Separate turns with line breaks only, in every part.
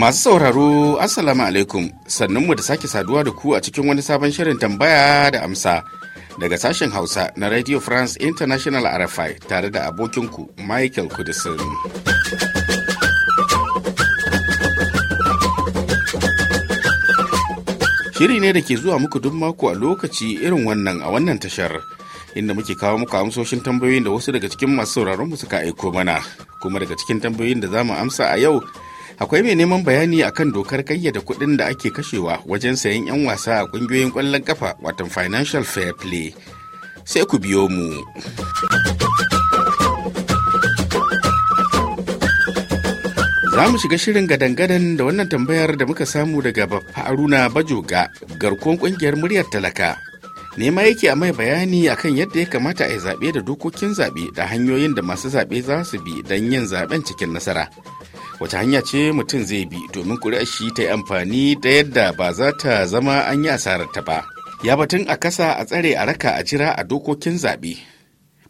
Masu sauraro, Assalamu alaikum, sannan mu da sake saduwa da ku a cikin wani sabon shirin tambaya da amsa daga sashen Hausa na Radio France International RFI tare da abokinku Michael Kudisin. Shiri ne da ke zuwa muku duk mako a lokaci irin wannan a wannan tashar inda muke kawo muku amsoshin tambayoyin da wasu daga cikin masu sauraron mu suka aiko mana kuma daga cikin tambayoyin da za mu amsa a yau akwai mai neman bayani akan dokar kayyada kuɗin da ake kashewa wajen sayan 'yan wasa a ƙungiyoyin ƙwallon kafa watan financial fair play sai ku biyo mu. Za mu shiga shirin gadangadan da wannan tambayar da muka samu daga Baffa Haruna Bajoga garkuwar kungiyar muryar talaka. Nema yake a mai bayani akan yadda ya kamata a yi zaɓe da dokokin zaɓe da hanyoyin da masu zaɓe za su bi don yin zaɓen cikin nasara. Wace hanya ce mutum zai bi domin kuri'ar shi ta yi amfani da yadda ba za ta zama an yi asarar ta ba. Ya batun a kasa a tsare a raka a jira a dokokin zaɓe.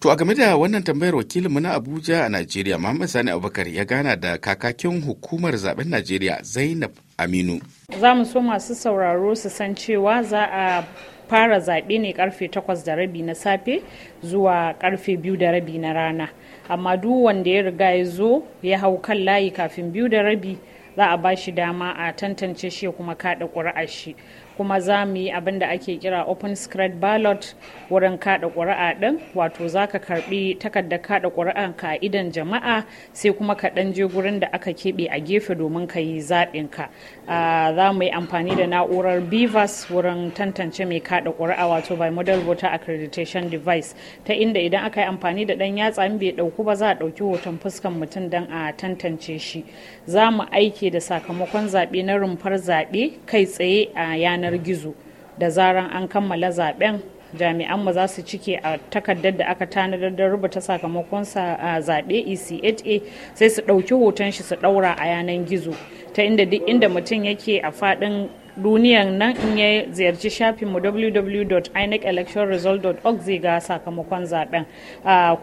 To a game da wannan tambayar wakilinmu na Abuja a Najeriya Muhammad Sani Abubakar ya gana da kakakin hukumar zaben Najeriya Zainab Aminu.
Za mu so masu sauraro su san cewa za a fara zaɓe ne karfe 8 da rabi na safe zuwa karfe 2 da rabi na rana. Amma duk wanda ya riga ya zo ya hau kan layi kafin 2 da rabi za a ba shi dama a tantance shi kuma kaɗa ƙuri'a shi. kuma za mu yi abin da ake kira open secret ballot wurin kada ƙuri'a ɗin wato za ka karbi takardar kada ƙuri'a ka idan jama'a sai kuma ka ɗan je gurin da aka keɓe a gefe domin ka yi zaɓin ka za mu yi amfani da na'urar bivas wurin tantance mai kada ƙuri'a wato by model voter accreditation device ta inda idan aka yi amfani da ɗan yatsa in bai ɗauku ba za a ɗauki hoton fuskan mutum dan a tantance shi za mu aike da sakamakon zaɓe na rumfar zaɓe kai tsaye a yanar yanar gizo da zaran an kammala zaben jami'anmu za su cike a takardar da aka tanadar da rubuta sakamakon sa a 8 ECHA sai su ɗauki hoton shi su ɗaura a yanar gizo ta inda duk inda mutum yake a faɗin duniyan nan in ya ziyarci shafinmu www.inecelectionresult.org zai ga sakamakon zaben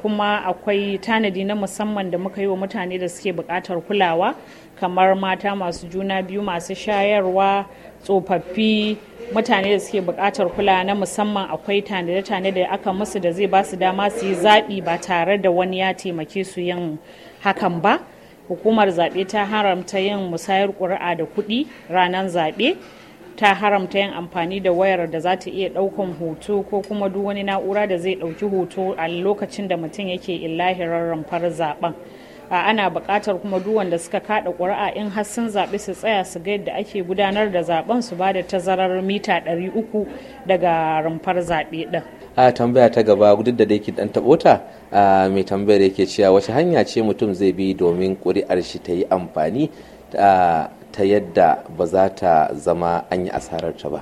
kuma akwai tanadi na musamman da muka yi wa mutane da suke buƙatar kulawa kamar mata masu juna biyu masu shayarwa tsofaffi mutane da suke bukatar kula na musamman akwai tanade tane da aka musu da zai basu dama su yi zaɓi ba tare da wani ya taimake su yin hakan ba hukumar zaɓe ta haramta yin musayar ƙuri'a da kuɗi ranar zaɓe ta haramta yin amfani da wayar da za ta iya ɗaukan hoto ko kuma duk wani na'ura da zai ɗauki hoto a lokacin da mutum yake illahirar rumfar zaɓen. a ana bukatar kuma duk wanda suka kada ƙuri'a in har sun zaɓi su tsaya su ga yadda ake gudanar da zaben su ba da tazarar mita 300 daga rumfar zaɓe ɗin.
a tambaya ta gaba duk da dai ki dan taɓo ta mai tambayar yake cewa wace hanya ce mutum zai bi domin ƙuri'ar shi ta yi amfani ta yadda ba za ta zama an yi asarar ta ba.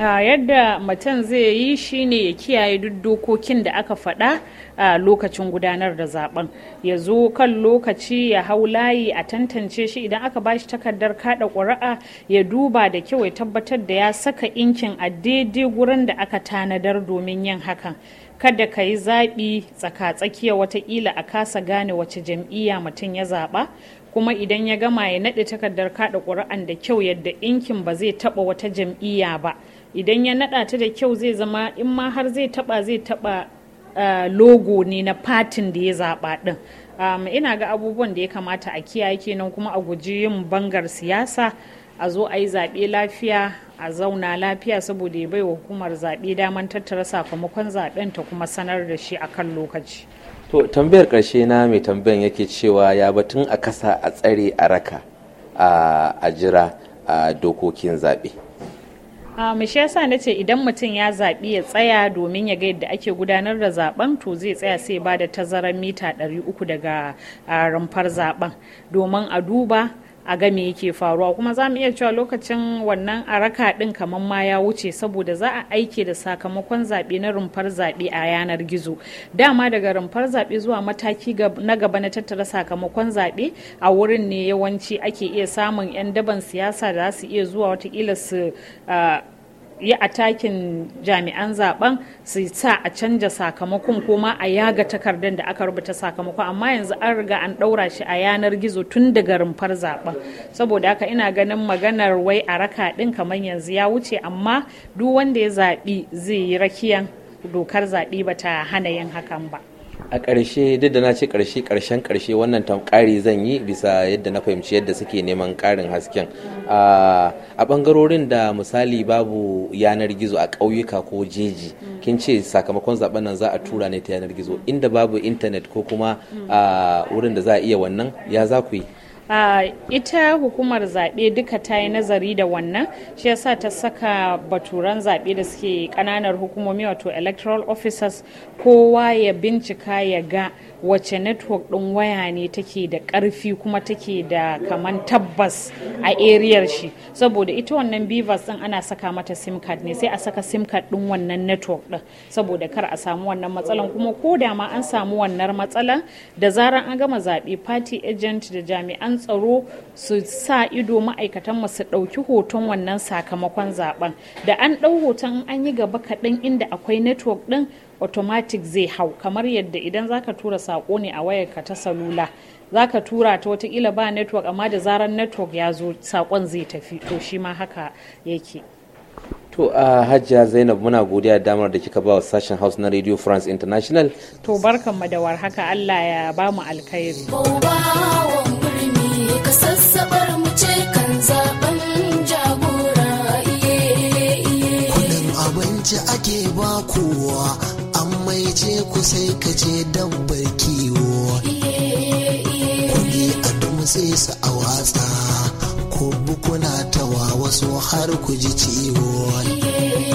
yadda mutum zai yi shine ya kiyaye duk dokokin da aka faɗa a lokacin gudanar da zaben ya zo kan lokaci ya hau layi a tantance shi idan aka bashi takardar kada ƙuri'a ya duba da kyau ya tabbatar da ya saka inkin a daidai gurin da aka tanadar domin yin hakan kada ka yi zaɓi tsaka-tsakiya watakila a kasa gane wace jam'iyya mutum ya zaɓa kuma idan ya gama ya naɗe takardar kaɗa ƙuri'an da kyau yadda inkin ba zai taɓa wata jam'iyya ba idan ya naɗa ta da kyau zai zama in ma har zai taɓa zai taɓa logo ne na fatin da ya zaɓa ɗin um, ina ga abubuwan da ya kamata a kiyaye kenan kuma a guji yin bangar siyasa a zo a yi zaɓe lafiya a zauna lafiya saboda ya bai wa hukumar zaɓe daman tattara sakamakon zaɓen ta kuma sanar da shi akan lokaci
to tambayar ƙarshe na mai tambayan yake cewa ya batun a kasa a tsare a raka a jira a dokokin zaɓe
Um, ya yasa na ce idan mutum ya zaɓi ya tsaya domin ya ga yadda ake gudanar da zaben to zai tsaya sai ba da tazarar mita 300 daga ah, rumfar zaben domin a duba a ga me yake faruwa kuma za mu iya cewa lokacin wannan araka din kamar ma ya wuce saboda za a aike da sakamakon zaɓe na rumfar zaɓe a yanar gizo dama daga rumfar zaɓe zuwa mataki na gaba na tattara sakamakon zaɓe a wurin ne yawanci ake iya samun 'yan daban siyasa da za su iya zuwa watakila su ah, yi a takin jami'an zaben su sa a canja sakamakon kuma a yaga takardar da aka rubuta sakamako amma yanzu an riga an daura shi a yanar gizo tun daga rumfar zaben saboda haka ina ganin maganar wai a raka ɗin kamar yanzu ya wuce amma duk wanda ya zaɓi zai yi rakiyan dokar zaɓi ba ta hana yin hakan ba.
a ƙarshe duk da na ce ƙarshe ƙarshen ƙarshe wannan tamƙari zan yi bisa yadda na fahimci yadda suke neman ƙarin hasken a ɓangarorin da misali babu yanar gizo a ƙauyuka ko jeji kin ce sakamakon zaben nan za a tura ne ta yanar gizo inda babu intanet ko kuma wurin da za a iya wannan ya za ku yi
ita hukumar zaɓe duka ta yi nazari da wannan shi yasa ta saka baturan zaɓe da suke ƙananar hukumomi wato electoral officers kowa ya bincika ya ga wace network ɗin waya ne take da ƙarfi kuma take da kaman tabbas a eriyar shi saboda ita wannan beavers ɗin ana saka mata sim card ne sai a saka sim card ɗin wannan network ɗin saboda kar a samu wannan matsalan kuma ko da ma an samu wannan matsalan da zaran an gama zaɓe party agent da jami'an tsaro su sa ido ma'aikatan su ɗauki hoton wannan sakamakon zaben da an ɗau hoton an yi gaba kaɗan inda akwai network ɗin automatic zai hau kamar yadda idan zaka tura sako ne a wayarka ta salula zaka tura ta wataƙila ba network amma da zarar network ya zo sakon zai tafi to shi ma haka yake
To a uh, Hajiya Zainab muna godiya damar da kika ba wa sashen House na Radio France International.
To barkan da haka Allah ya ba mu alkhairi.
kan abinci ake ba kowa an maice ku sai ka ce dabbar kiwo kuɗi a dumtse su a watsa ko bukuna tawa wasu har ku ji ciwo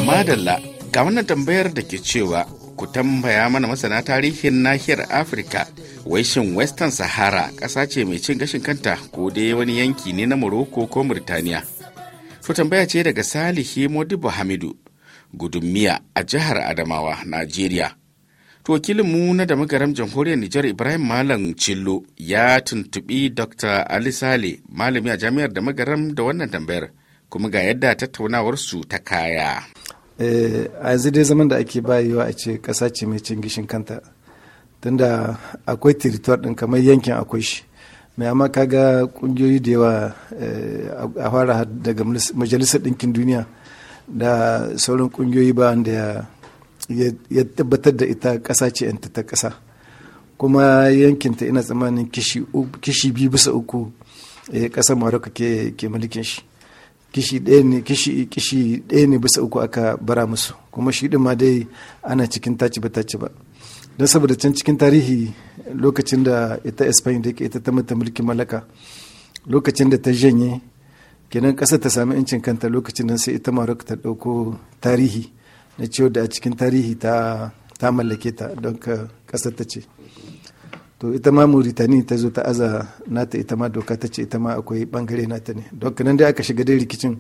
madalla
ga wannan tambayar da ke cewa ku tambaya mana masana tarihin nahiyar afirka wai shin western sahara ƙasa ce mai cin gashin kanta ko dai wani yanki ne na morocco ko murtaniya to tambaya ce daga salihi modibo hamidu gudummiya a jihar adamawa najeriya to mu na da magaram jamhuriyar nijar ibrahim malam cillo ya tuntubi dr ali sale malami a jami'ar da magaram da wannan tambayar kuma ga yadda tattaunawar su ta kaya
eh, a yanzu dai zaman da ake bayewa a ce ƙasa ce mai cin gishin kanta tunda akwai territoire din kamar yankin akwai shi mai amma kaga kungiyoyi da yawa eh, a fara daga majalisar ɗinkin duniya da sauran kungiyoyi ba wanda ya tabbatar da ita ƙasa ce yanta ta ƙasa kuma yankinta ina tsammanin kishi biyu bisa uku eh, ƙasar maroka ke mulkin shi kishi ɗaya ne kishi bisa uku aka bara musu kuma shi ma dai ana cikin taci ba taci ba don saboda can cikin tarihi lokacin da ita spain da ita ta mata mulkin mallaka lokacin da ta janye kenan kasar ta sami 'yancin kanta lokacin nan sai ita maroc ta ɗauko tarihi na ciwo da a cikin tarihi ta ta mallake ta don ka ƙasar ta ce to ita ma mauritani ta zo ta aza nata ita ma doka ta ce ita ma akwai bangare nata ne don nan dai aka shiga dai rikicin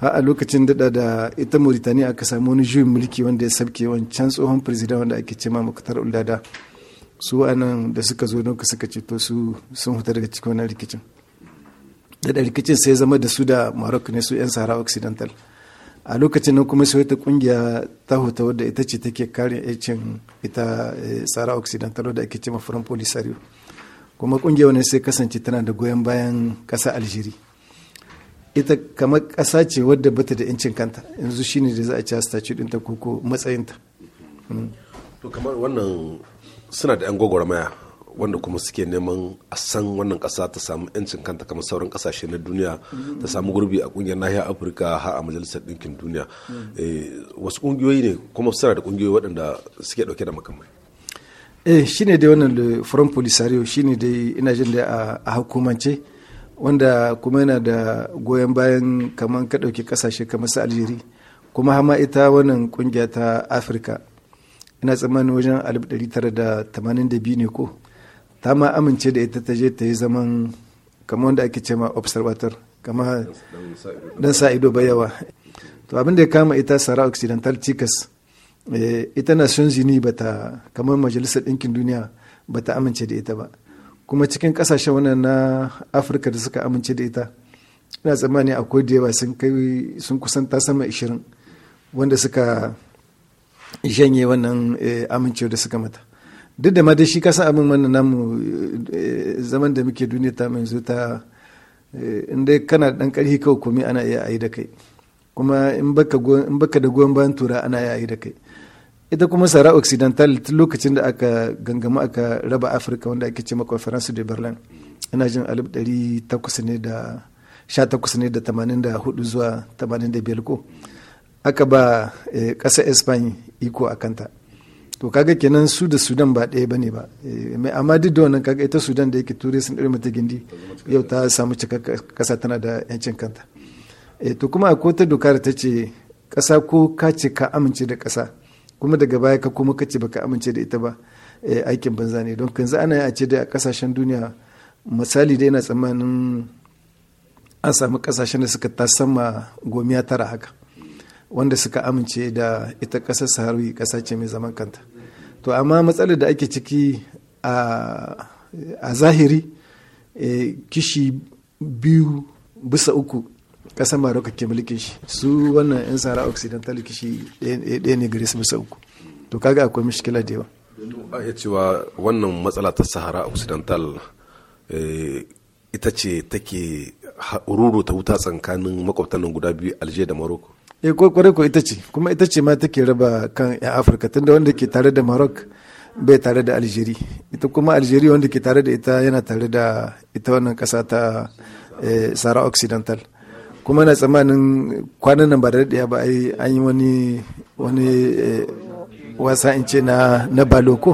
har a lokacin daɗa da ita mauritaniya aka samu wani juyin mulki wanda ya sabke wancan tsohon firzidan wanda ake cema makatar uldada su anan da suka zo nauka suka ceto su sun huta daga cikin wannan rikicin daɗa rikicin sai zama da su da maroc ne su 'yan sahara occidental a lokacin nan kuma sai wata kungiya ta huta wadda ita ce take kare yancin ita eh, sahara occidental wadda ake cema front polisario kuma kungiya wani sai kasance tana da goyon bayan kasa algeria ita kamar ƙasa ce wadda bata da incin kanta yanzu shine da za a cewa statue ɗinta ko ko matsayinta hmm. to kamar wannan suna da 'yan gwagwarmaya wanda kuma suke neman a san wannan ƙasa ta samu 'yancin kanta kamar sauran ƙasashe na duniya ta samu gurbi a ƙungiyar nahiyar afirka har a majalisar ɗinkin duniya hmm. eh, wasu ƙungiyoyi ne kuma suna da ƙungiyoyi waɗanda suke ɗauke da makamai eh shine dai wannan da front polisario shine dai ina jin da a hukumance wanda kuma yana da goyon bayan kamar ka ɗauki ƙasashe kamar su aljeri kuma hama ita wannan ƙungiya ta afirka ina tsammanin wajen 1982 ne ko ta ma amince da ita ta je ta yi zaman kamar wanda ake cema observator kama dan sa ido ba yawa to abin da ya kama ita sara occidental cikas eh, ita na sun zini bata kamar majalisar ɗinkin duniya bata amince da ita ba kuma cikin kasashen wannan na afirka da suka amince da ita ina tsammani akwai da yawa sun kai sun kusan ta sama 20 wanda suka janye wannan eh, amincewa da suka mata duk da ma dai shi kasan abin wannan namu eh, zaman da muke duniya ta mai ta eh, inda kana dan karhi kawai komai ana iya ayi da kai kuma in baka da goyon bayan tura ana iya ayi da kai ita kuma sahara occidental lokacin da aka gangama aka raba afirka wanda ake ce france de berlin ina jin alif dari takwas ne da sha takwas ne da tamanin da hudu zuwa tamanin da biyar ko aka ba kasa eh, espany iko a kanta to kaga kenan su da sudan ba ɗaya bane ba eh, mai amma duk da wannan kaga ita sudan da yake turai sun ɗari mata gindi yau ta samu cika ƙasa tana da yancin kanta eh, to kuma akwai ta doka ta ce ƙasa ko ka ce ka amince da ƙasa kuma daga baya ka kuma kace baka amince da ita ba eh, aikin banza ne don kanzu ana a ce da a kasashen duniya misali dai yana tsammanin an samu kasashen da suka tasamma gomiya tara haka wanda suka amince da ita kasar saharawi kasa ce mai zaman kanta to amma matsalar da ake ciki a zahiri eh, kishi biyu bisa uku kasan Maroc ke mulkin shi su wannan yan sahara occidental kishi ɗaya ne gare su bisa uku to kaga akwai mishkila da yawa a iya cewa wannan matsala ta sahara occidental eh, ita ce take ruru ta wuta tsakanin makwabtan guda biyu alje da morocco e eh, kware ko ita ce kuma ita ce ma take raba kan yan afirka tunda wanda ke tare da maroc bai tare da algeri ita kuma algeri wanda ke tare da ita yana tare da ita wannan kasa ta eh, sahara occidental kuma na tsammanin kwanan nan ba da ba an yi wani wani eh, wasa in ce na baloko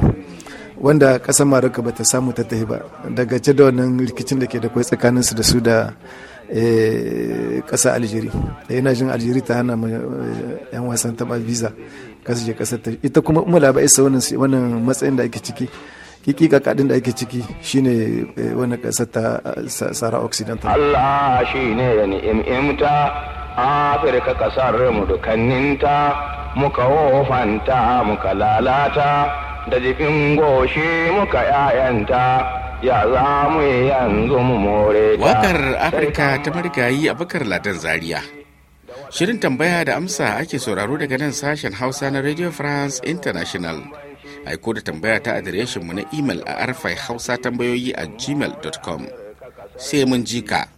wanda ƙasar maroka ba ta samu ta tafi ba daga ce da wannan rikicin da ke da kwai su da su da eh, ƙasar aljeri yana eh, jin aljiri ta hana yan wasan taɓa visa kasu je ta ita kuma umar ba isa wannan matsayin da ake ciki kikika kadin da ake ciki shine eh, wani kasar ta eh, sahara occidental
Allah shi ne ya ta afirka kasar mu ta, muka wofanta muka lalata da jikin goshi muka yayanta ya za mu yi yanzu mu more wakar
afirka ta marigayi bakar ladan zaria shirin tambaya da amsa ake sauraro daga nan sashen hausa na radio france international aiko da tambaya ta adireshinmu na imel a arfai hausa tambayoyi a gmail.com sai mun ji ka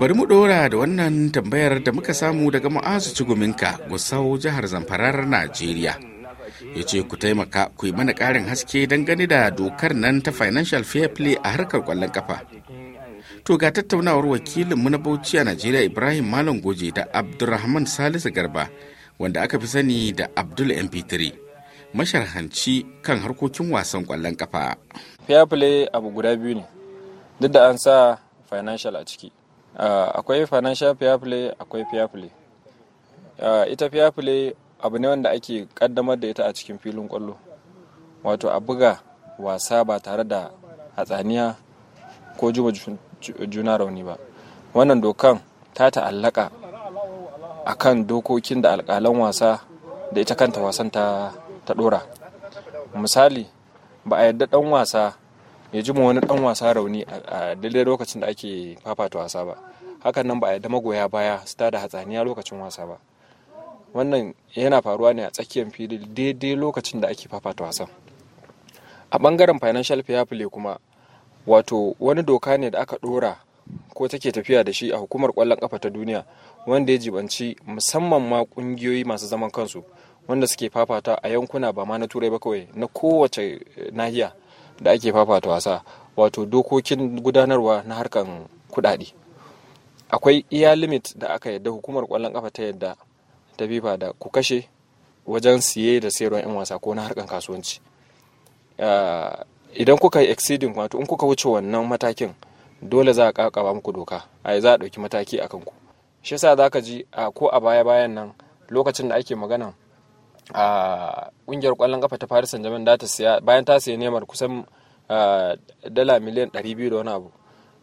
bari mu dora da wannan tambayar da muka samu daga ma'azu ciguminka gusau jihar zamfarar najeriya ya ce ku taimaka ku yi mana ƙarin haske gani da dokar nan ta financial fair play a harkar kwallon kafa to ga tattaunawar mu na bauchi a najeriya ibrahim malam goje da abdulrahman salisu garba wanda aka fi sani da abdul mp3 masharhanci kan harkokin wasan kwallon kafa.
Fair play abu guda biyu ne, duk da an sa financial a ciki. Ah, akwai financial fair play, akwai fair play. Ah, ita fair play abu ne wanda ake kaddamar da ita a cikin filin kwallo. Wato a buga wasa ba tare da hatsaniya ko juma juna rauni ba. Wannan dokan ta ta'allaka a kan dokokin da alkalan wasa da ita kanta wasan ta ta ɗora misali ba a yadda dan wasa ya ji wani ɗan wasa rauni a daidai lokacin da ake fafata wasa ba hakan nan ba a yadda magoya baya su da hatsaniya lokacin wasa ba wannan yana faruwa ne a tsakiyar fili daidai lokacin da ake fafata wasan a ɓangaren financial fair play kuma wato wani doka ne da aka dora ko take tafiya da shi a hukumar kwallon kafa ta duniya wanda ya jibanci musamman ma ƙungiyoyi masu zaman kansu wanda suke fafata a yankuna ba ma na turai ba kawai na kowace eh, nahiya da ake fafata wasa wato dokokin gudanarwa na harkan kudade akwai iya limit da aka yadda hukumar kwallon kafa ta yadda ta fifa da ku kashe wajen siye da sayarwa 'yan wasa ko na harkan kasuwanci ah, idan kuka yi exceeding wato in kuka wuce wannan matakin dole za a kakaba muku doka a za a dauki mataki a kanku shi yasa za ka ji a ah, ko a baya bayan nan lokacin da ake magana a kungiyar kwallon kafa ta Paris Saint-Germain da ta siya bayan ta siya Neymar kusan dala miliyan 200 da wani abu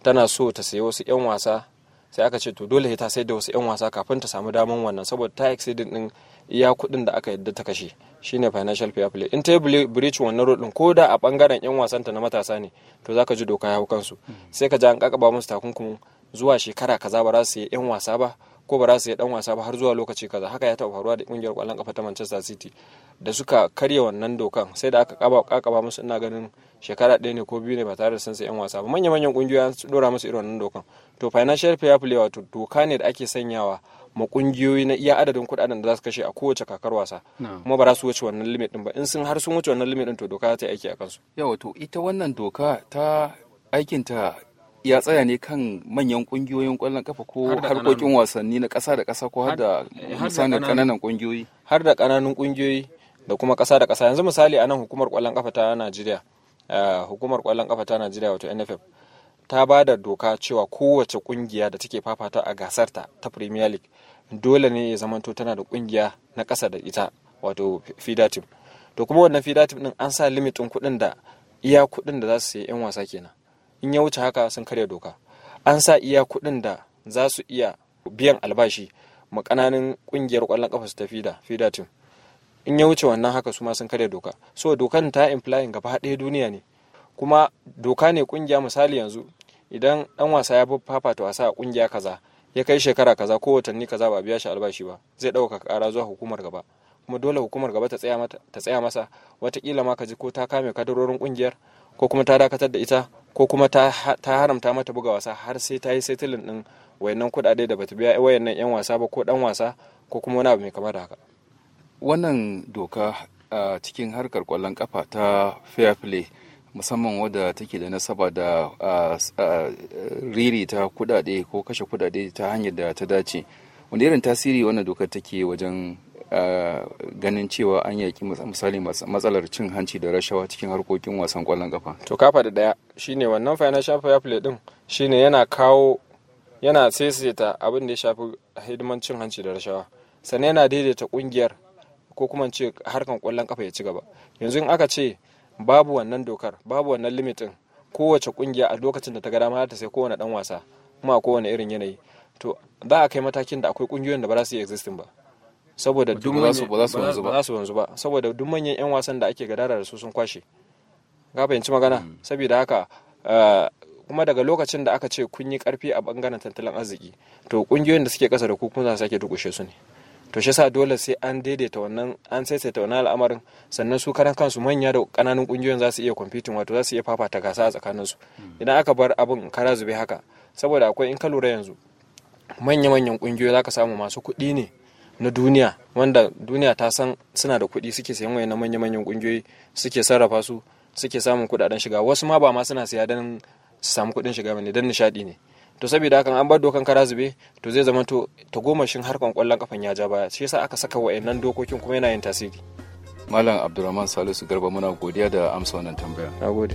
tana so ta sayi wasu 'yan wasa sai aka ce to dole ta sai da wasu 'yan wasa kafin ta samu damar wannan saboda ta exceeding din iya kuɗin da aka yadda ta kashe shine financial fair play in ta yi breach wannan rodin ko da a bangaren 'yan wasan ta na matasa ne to za ka ji doka ya hau kansu hmm. sai ka ji an kakaba musu takunkumin zuwa shekara kaza ba za su yi 'yan wasa ba ko ba za su yi dan wasa ba har zuwa lokaci kaza haka ya taɓa faruwa da ƙungiyar kwallon kafa ta Manchester City da suka karya wannan dokan sai da aka kaba kakaba musu ina ganin shekara ɗaya ne ko biyu ne ba tare da sun sai yan wasa ba manya manyan ƙungiyoyi su dora musu irin wannan dokan to financial fair play wato doka ne da ake sanyawa ma kungiyoyi na iya adadin kuɗaɗen da za su kashe a kowace kakar wasa kuma ba za su wuce wannan limit din ba in sun har sun wuce wannan limit din to doka ta aiki a kansu
yawa to ita wannan doka ta aikinta
ya tsaya ne kan manyan kungiyoyin ƙwallon kafa ko harkokin wasanni na ƙasa da ƙasa ko har da eh, misalin ƙananan kungiyoyi har da ƙananan kungiyoyi da kuma ƙasa da ƙasa yanzu misali a nan hukumar ƙwallon kafa ta Najeriya eh, hukumar ƙwallon kafa ta Najeriya wato NFF ta ba da doka cewa kowace kungiya da take fafata a gasar ta ta Premier League dole ne ya zamanto tana da kungiya na ƙasa da ita wato FIDA team to kuma wannan FIDA team din an sa limitin kuɗin da iya kuɗin da za su yi 'yan wasa kenan in ya wuce haka sun karya doka an sa iya kuɗin da za su iya biyan albashi ma ƙananan ƙungiyar ƙwallon ƙafa su ta da fida team in ya wuce wannan haka su ma sun karya doka so dokan ta implying gaba ɗaya duniya ne kuma doka ne kungiya misali yanzu idan ɗan wasa ya ta wasa a ƙungiya kaza ya kai shekara kaza ko watanni kaza ba biya shi albashi ba zai ɗauka kara zuwa hukumar gaba kuma dole hukumar gaba ta tsaya masa watakila ma ka ji ko ta kame kadarorin kungiyar. ko kuma ta dakatar da ita ko kuma ta haramta mata buga wasa har sai ta yi setilin din wayannan kudade da bata biya wayannan 'yan wasa ba ko dan wasa ko kuma wani abu mai kamar da haka. Wannan doka a cikin harkar kwallon kafa ta fair play musamman wadda take da nasaba da riri ta kuɗaɗe ko kashe kudade ta hanyar da ta dace. Wanda irin tasiri wannan dokar take wajen ganin cewa an yaki misali matsalar cin hanci da rashawa cikin harkokin wasan kwallon kafa to kafa da daya shine wannan financial fair play din shine yana kawo yana ta abin da ya shafi hidiman cin hanci da rashawa sannan yana daidaita kungiyar ko kuma ce harkan kwallon kafa ya ci gaba yanzu in aka ce babu wannan dokar babu wannan limitin kowace kungiya a lokacin da ta ga dama ta sai kowane dan wasa kuma a kowane irin yanayi to za a kai matakin da akwai kungiyoyin da ba za su yi existing ba saboda duk ba wanzu ba saboda duk manyan yan wasan da ake gadara da su sun kwashe ga fahimci magana mm. saboda haka eh, kuma daga lokacin da aka ce kun yi karfi a bangaren tattalin arziki to kungiyoyin da suke kasa da ku kun za sake dukushe su ne to shi sa dole sai an daidaita wannan an saisaita wannan al'amarin sannan su karan kansu manya da kananan kungiyoyin za su iya kwamfitin wato za su iya fafata gasa a tsakanin su mm. idan aka bar abin kara zube haka saboda akwai in ka lura yanzu manya-manyan kungiyoyi za ka samu masu kuɗi ne na duniya wanda duniya ta san suna da kuɗi suke sayan wayan manya-manyan ƙungiyoyi suke sarrafa su suke samun kuɗaɗen shiga wasu ma ba ma suna siya don su samu kuɗin shiga bane don nishaɗi ne to saboda hakan an bar dokan kara zube to zai zama to goma shin harkan kwallon kafan ya ja baya shi yasa aka saka wayannan dokokin kuma yana yin tasiri malam abdulrahman salisu garba muna godiya da amsa wannan tambaya gode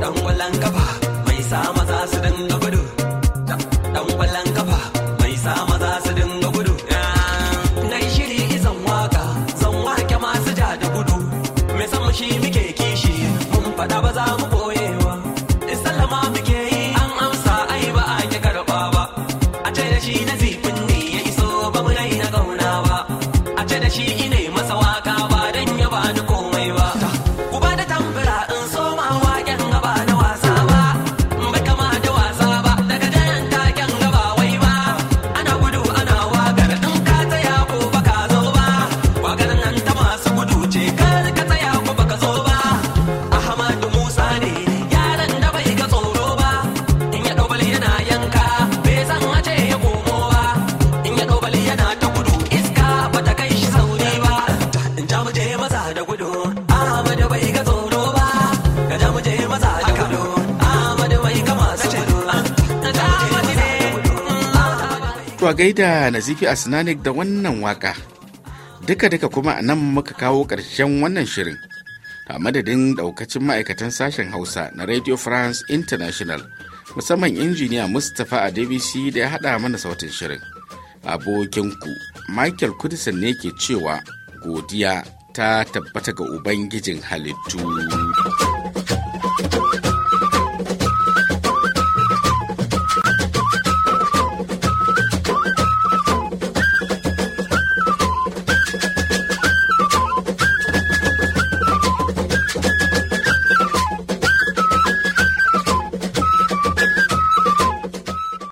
dan kwallon kafa mai sa maza su dinga
gaida Nazifi Asnanik da wannan waka. Duka-duka kuma a nan muka kawo ƙarshen wannan shirin. A madadin ɗaukacin ma'aikatan sashen Hausa na Radio France International, musamman injiniya Mustapha a dbc da ya haɗa mana sautin shirin. Abokinku, Michael Kudisan ne ke cewa godiya ta tabbata ga Ubangijin halittu.